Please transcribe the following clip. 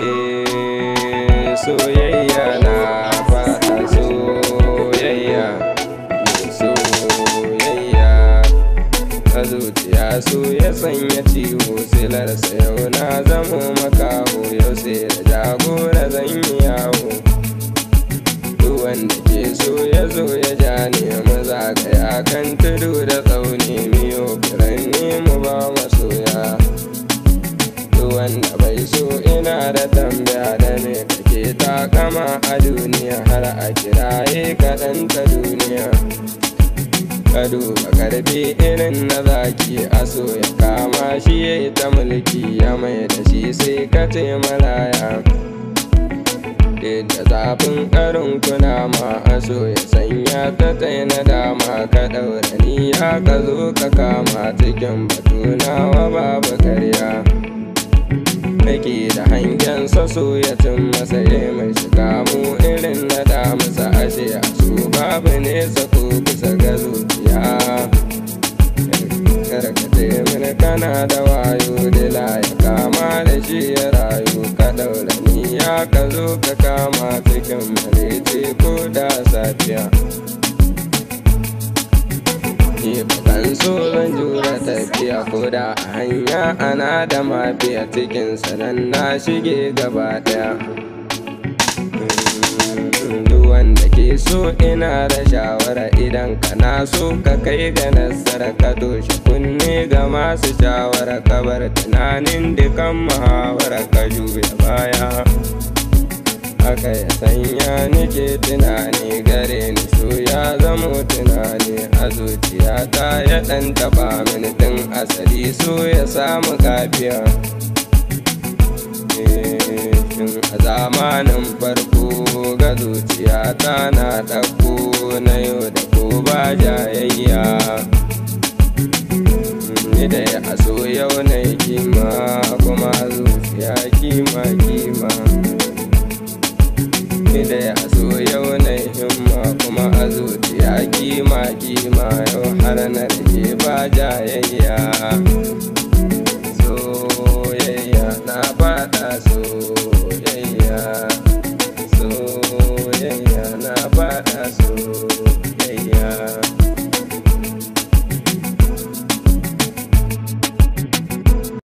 eh soyayya na faɗa soyayya soyayya a ya sanya ciwo silarsa yau na makaho yau sai da jagora zan yi yawo wanda ke so ya ya ja nemi zagaya kan tudu da tsauni miyo da tambaya da me kake kama a duniya har a kiraye kaɗan ta duniya ka duba karfi irin na zaki a so ya kama shi ya yi ta mulki ya mai da shi sai ka ce malaya da zafin karin kuna ma a so ya sanya ta na dama ka ɗaura ya ka zo ka kama cikin batu so ya cin masa mai shiga mu irin na ta masa ashe su babu ne sako bisa ga zuciya karkace mini kana da wayo da ya kama da shi ya rayu ka daura ni ya ka zo ka kama cikin marece ko da safiya so zan jura tafiya ko da a hanya ana da mafiya cikin sanan na shige gaba daya wanda ke so ina da shawara idan kana so ka kai ga nasara ka toshe kunne ga masu shawara kabar tunanin dukan muhawara ka juya baya haka sanya nake tunani gare ni so ya zamo tunani a zuciyata ya ɗan taɓa mini din asali so ya samu kafiya a zamanin farko ga zuciyata na ɗauko na yau da ko ba jayayya ni da a so yau na kima kuma zuciya kima kima ni da ya so yau na himma kuma a zuciya kima kima yau har na rage ba jayayya soyayya na fada soyayya soyayya na fada soyayya